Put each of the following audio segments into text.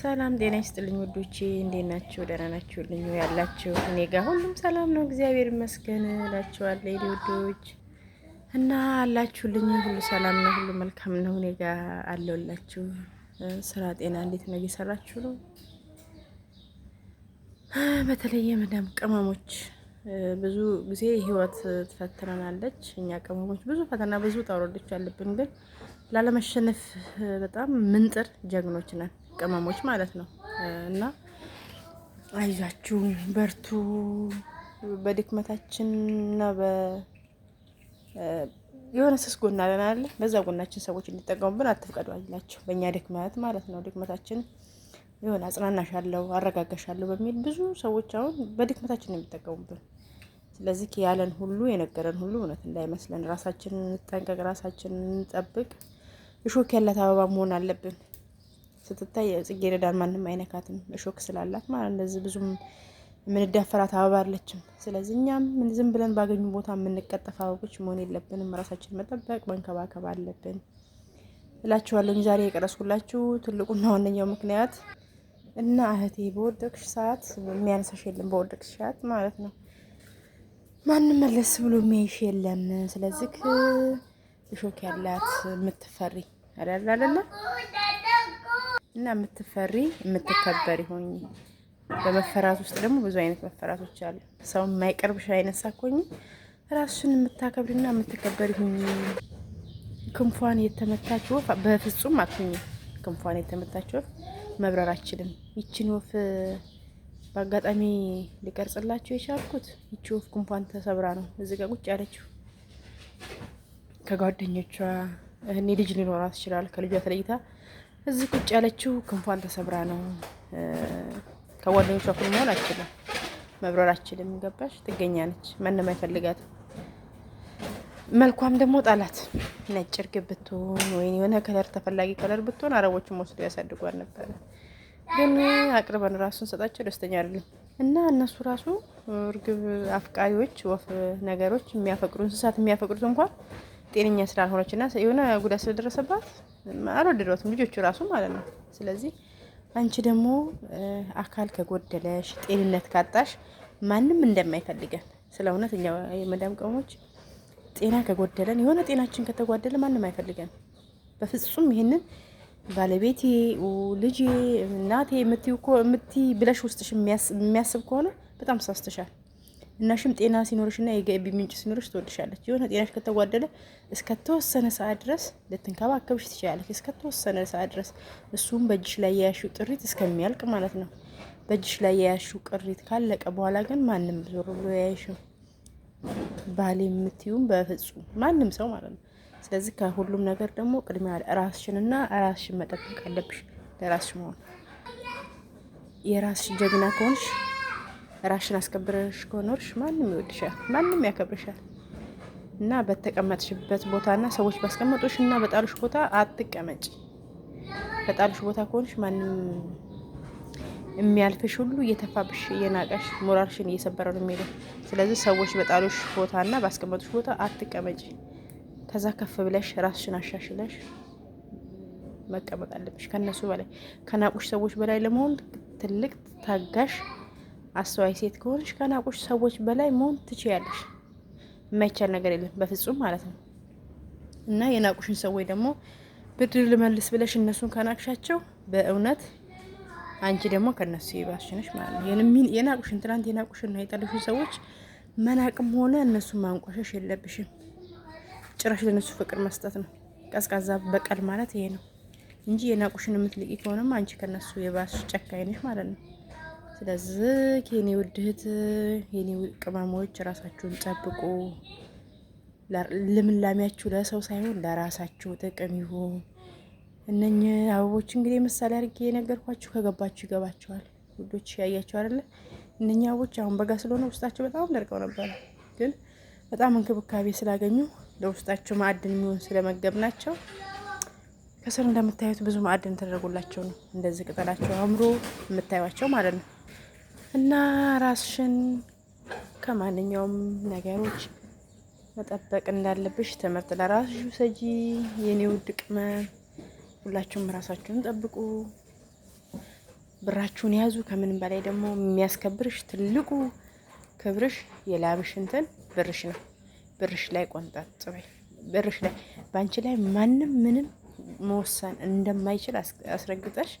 ሰላም ጤና ይስጥልኝ ውዶቼ፣ እንዴት ናችሁ? ደህና ናችሁልኝ ያላችሁ? እኔ ጋር ሁሉም ሰላም ነው፣ እግዚአብሔር ይመስገን እላችኋለሁ የእኔ ውዶች እና አላችሁልኝ ሁሉ ሰላም ነው፣ ሁሉ መልካም ነው። እኔ ጋር አለሁላችሁ። ስራ ጤና እንዴት ነው? እየሰራችሁ ነው? በተለየ መዳም ቅመሞች ብዙ ጊዜ ህይወት ትፈትነናለች። እኛ ቅመሞች ብዙ ፈተና ብዙ ጣውረዶች አለብን፣ ግን ላለመሸነፍ በጣም ምንጥር ጀግኖች ነን። ቅመሞች ማለት ነው። እና አይዟችሁ በርቱ። በድክመታችን እና የሆነ ስስ ጎና አለን አለ በዛ ጎናችን ሰዎች እንዲጠቀሙብን አትፍቀዱ አይላቸው። በእኛ ድክመት ማለት ነው ድክመታችን የሆነ አረጋጋሽ አለው በሚል ብዙ ሰዎች አሁን በድክመታችን ነው የሚጠቀሙብን። ስለዚህ ያለን ሁሉ የነገረን ሁሉ እውነት እንዳይመስለን ራሳችንን እንጠንቀቅ፣ ራሳችንን እንጠብቅ። እሾክ ያላት አበባ መሆን አለብን። ስትታይ ጽጌረዳን ማንም አይነካትም እሾክ ስላላት ማለት እንደዚህ ብዙም የምንዳፈራት አበባ አለችም። ስለዚህ እኛም ዝም ብለን ባገኙ ቦታ የምንቀጠፍ አበቦች መሆን የለብንም። ራሳችን መጠበቅ መንከባከብ አለብን እላችኋለሁ። ዛሬ የቀረስኩላችሁ ትልቁና ዋነኛው ምክንያት እና እህቴ በወደቅሽ ሰዓት የሚያነሳሽ የለም። በወደቅሽ ሰዓት ማለት ነው ማንም መለስ ብሎ የሚያይሽ የለም። ስለዚህ እሾክ ያላት የምትፈሪ አይደል እና የምትፈሪ የምትከበር ይሆኝ። በመፈራት ውስጥ ደግሞ ብዙ አይነት መፈራቶች አሉ። ሰው የማይቀርብሽ አይነት ሳኮኝ ራስሽን የምታከብርና የምትከበር ይሁኝ። ክንፏን የተመታች ወፍ በፍጹም አትሁኝ። ክንፏን የተመታች ወፍ መብረር አችልም። ይችን ወፍ በአጋጣሚ ሊቀርጽላችሁ የቻልኩት ይቺ ወፍ ክንፏን ተሰብራ ነው እዚህ ጋር ቁጭ ያለችው። ከጓደኞቿ እኔ ልጅ ሊኖራት ይችላል ከልጇ ተለይታ እዚህ ቁጭ ያለችው ክንፏን ተሰብራ ነው። ከጓደኞቿ እኩል መሆን አችልም፣ መብረር አችልም። ገባሽ? ጥገኛለች፣ ማንም አይፈልጋትም። መልኳም ደግሞ ጣላት። ነጭ እርግብ ብትሆን ወይ የሆነ ከለር ተፈላጊ ከለር ብትሆን አረቦችን ወስዶ ያሳድጓል ነበረ። ግን አቅርበን ራሱን ሰጣቸው ደስተኛ አይደለም። እና እነሱ ራሱ እርግብ አፍቃሪዎች፣ ወፍ ነገሮች የሚያፈቅሩ እንስሳት የሚያፈቅሩት እንኳን ጤነኛ ስላልሆነች እና የሆነ ጉዳት ስለደረሰባት አልወደዷትም ልጆቹ ራሱ ማለት ነው። ስለዚህ አንቺ ደግሞ አካል ከጎደለሽ ጤንነት ካጣሽ ማንም እንደማይፈልገን ስለ እውነት እኛ የመዳም ቀሞች ጤና ከጎደለን የሆነ ጤናችን ከተጓደለ ማንም አይፈልገን በፍጹም። ይሄንን ባለቤቴ ልጄ እናቴ የምትይ ብለሽ ውስጥሽ የሚያስብ ከሆነ በጣም ሳስተሻል። እናሽም ጤና ሲኖርሽ እና የገቢ ምንጭ ሲኖርሽ ትወድሻለች። የሆነ ጤናሽ ከተጓደለ እስከተወሰነ ሰዓት ድረስ ልትንከባከብሽ ትችላለች። እስከተወሰነ ሰዓት ድረስ እሱም በእጅሽ ላይ የያሽው ጥሪት እስከሚያልቅ ማለት ነው። በእጅሽ ላይ የያሽው ቅሪት ካለቀ በኋላ ግን ማንም ዞር ብሎ ያይሽው ባል የምትዩም በፍጹም ማንም ሰው ማለት ነው። ስለዚህ ከሁሉም ነገር ደግሞ ቅድሚያ ራስሽንና ራስሽን መጠበቅ አለብሽ። ለራስሽ መሆን የራስሽ ጀግና ከሆንሽ ራሽን አስከብረሽ ከኖርሽ ማንም ይወድሻል፣ ማንም ያከብርሻል። እና በተቀመጥሽበት ቦታና ሰዎች ባስቀመጡሽ እና በጣሉሽ ቦታ አትቀመጭ። በጣሉሽ ቦታ ከሆንሽ ማንም የሚያልፍሽ ሁሉ እየተፋብሽ እየናቀሽ ሞራልሽን እየሰበረ ነው የሚለው። ስለዚህ ሰዎች በጣሉሽ ቦታና ባስቀመጡሽ ቦታ አትቀመጭ። ከዛ ከፍ ብለሽ ራስሽን አሻሽለሽ መቀመጥ አለብሽ። ከነሱ በላይ ከናቁሽ ሰዎች በላይ ለመሆን ትልቅ ታጋሽ አስተዋይ ሴት ከሆንሽ ከናቁሽ ሰዎች በላይ መሆን ትችያለሽ። የማይቻል ነገር የለም በፍጹም ማለት ነው። እና የናቁሽን ሰዎች ደግሞ ብድር ልመልስ ብለሽ እነሱን ከናቅሻቸው በእውነት አንቺ ደግሞ ከነሱ የባስሽ ነሽ ማለት ነው። የናቁሽን ትናንት የናቁሽና የጠሉሽን ሰዎች መናቅም ሆነ እነሱ ማንቆሸሽ የለብሽም። ጭራሽ ለነሱ ፍቅር መስጠት ነው። ቀዝቃዛ በቀል ማለት ይሄ ነው እንጂ የናቁሽን የምትልቂ ከሆነም አንቺ ከነሱ የባስሽ ጨካኝ ነሽ ማለት ነው። ስለዚህ የኔ ውድ እህት የኔ ቅመሞች ራሳችሁን ጠብቁ። ልምላሚያችሁ ለሰው ሳይሆን ለራሳችሁ ጥቅም ይሁን። እነኝህ አበቦች እንግዲህ ምሳሌ አድርጌ የነገርኳችሁ ከገባችሁ ይገባችኋል። ውዶች ያያቸው አይደለ? እነኝህ አበቦች አሁን በጋ ስለሆነ ውስጣቸው በጣም ደርቀው ነበረ፣ ግን በጣም እንክብካቤ ስላገኙ ለውስጣቸው ማዕድን የሚሆን ስለመገብ ናቸው። ከስር እንደምታዩት ብዙ ማዕድን ተደረጉላቸው ነው እንደዚህ ቅጠላቸው አምሮ የምታዩቸው ማለት ነው። እና ራስሽን ከማንኛውም ነገሮች መጠበቅ እንዳለብሽ ትምህርት ለራስሽ ውሰጂ። የኔ ውድ ቅመም ሁላችሁም ራሳችሁን ጠብቁ፣ ብራችሁን ያዙ። ከምንም በላይ ደግሞ የሚያስከብርሽ ትልቁ ክብርሽ የላብሽ እንትን ብርሽ ነው። ብርሽ ላይ ቆንጣት ጽበይ ብርሽ ላይ በአንቺ ላይ ማንም ምንም መወሰን እንደማይችል አስረግጠሽ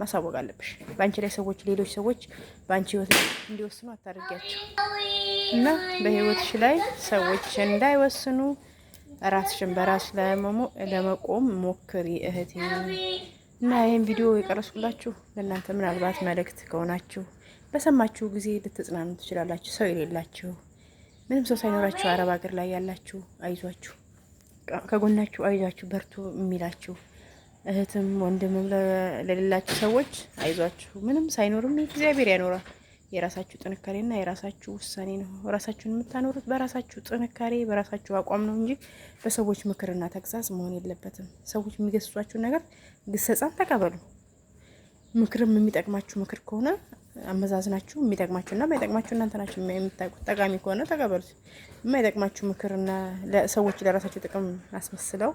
ማሳወቅ አለብሽ። በአንቺ ላይ ሰዎች ሌሎች ሰዎች በአንቺ ህይወት እንዲወስኑ አታደርጊያቸው እና በህይወትሽ ላይ ሰዎች እንዳይወስኑ ራስሽን በራስ ለመቆም ሞክሪ እህቴ። እና ይህን ቪዲዮ የቀረስኩላችሁ ለእናንተ ምናልባት መልእክት ከሆናችሁ በሰማችሁ ጊዜ ልትጽናኑ ትችላላችሁ። ሰው የሌላችሁ ምንም ሰው ሳይኖራችሁ አረብ ሀገር ላይ ያላችሁ አይዟችሁ፣ ከጎናችሁ አይዟችሁ፣ በርቱ የሚላችሁ እህትም ወንድምም ለሌላችሁ ሰዎች አይዟችሁ፣ ምንም ሳይኖርም እግዚአብሔር ያኖራል። የራሳችሁ ጥንካሬና የራሳችሁ ውሳኔ ነው። ራሳችሁን የምታኖሩት በራሳችሁ ጥንካሬ፣ በራሳችሁ አቋም ነው እንጂ በሰዎች ምክርና ተግሳጽ መሆን የለበትም። ሰዎች የሚገስጿችሁን ነገር ግሰጻን ተቀበሉ። ምክርም የሚጠቅማችሁ ምክር ከሆነ አመዛዝናችሁ የሚጠቅማችሁና የማይጠቅማችሁ እናንተ ናችሁ የምታውቁት። ጠቃሚ ከሆነ ተቀበሉት። የማይጠቅማችሁ ምክርና ሰዎች ለራሳቸው ጥቅም አስመስለው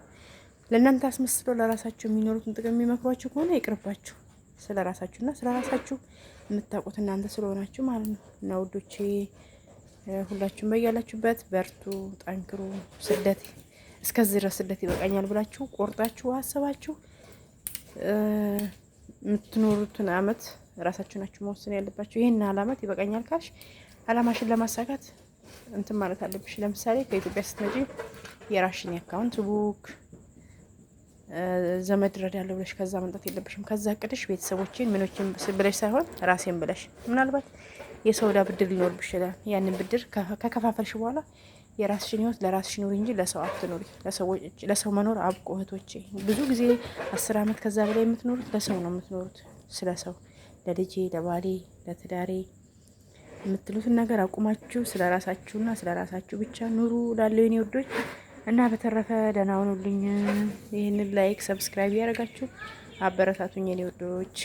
ለእናንተ አስመስለው ለራሳቸው የሚኖሩትን ጥቅም የሚመክሯቸው ከሆነ ይቅርባችሁ። ስለ ራሳችሁና ስለ ራሳችሁ የምታውቁት እናንተ ስለሆናችሁ ማለት ነው። እና ውዶቼ ሁላችሁም በያላችሁበት በርቱ፣ ጠንክሩ። ስደት እስከዚህ ድረስ ስደት ይበቃኛል ብላችሁ ቆርጣችሁ አስባችሁ የምትኖሩትን አመት ራሳችሁ ናችሁ መወሰን ያለባችሁ። ይህን አላመት ይበቃኛል ካልሽ አላማሽን ለማሳካት እንትን ማለት አለብሽ። ለምሳሌ ከኢትዮጵያ ስትመጪ የራሽን አካውንት ቡክ ዘመድ እረዳለሁ ብለሽ ከዛ መምጣት የለብሽም። ከዛ ቅድሽ ቤተሰቦችን ምኖችን ብለሽ ሳይሆን ራሴን ብለሽ ምናልባት የሰውዳ ብድር ሊኖርብሽ ይችላል። ያንን ብድር ከከፋፈልሽ በኋላ የራስሽን ህይወት ለራስሽ ኑሪ እንጂ ለሰው አትኑሪ። ለሰው መኖር አብቆ እህቶቼ። ብዙ ጊዜ አስር አመት ከዛ በላይ የምትኖሩት ለሰው ነው የምትኖሩት። ስለ ሰው ለልጄ፣ ለባሌ፣ ለትዳሬ የምትሉትን ነገር አቁማችሁ ስለ ራሳችሁና ስለ ራሳችሁ ብቻ ኑሩ። ላለው የኔ ውዶች እና በተረፈ ደህና ሁኑልኝ። ይህንን ላይክ፣ ሰብስክራይብ ያደረጋችሁ አበረታቱኝ የኔ ውዶች።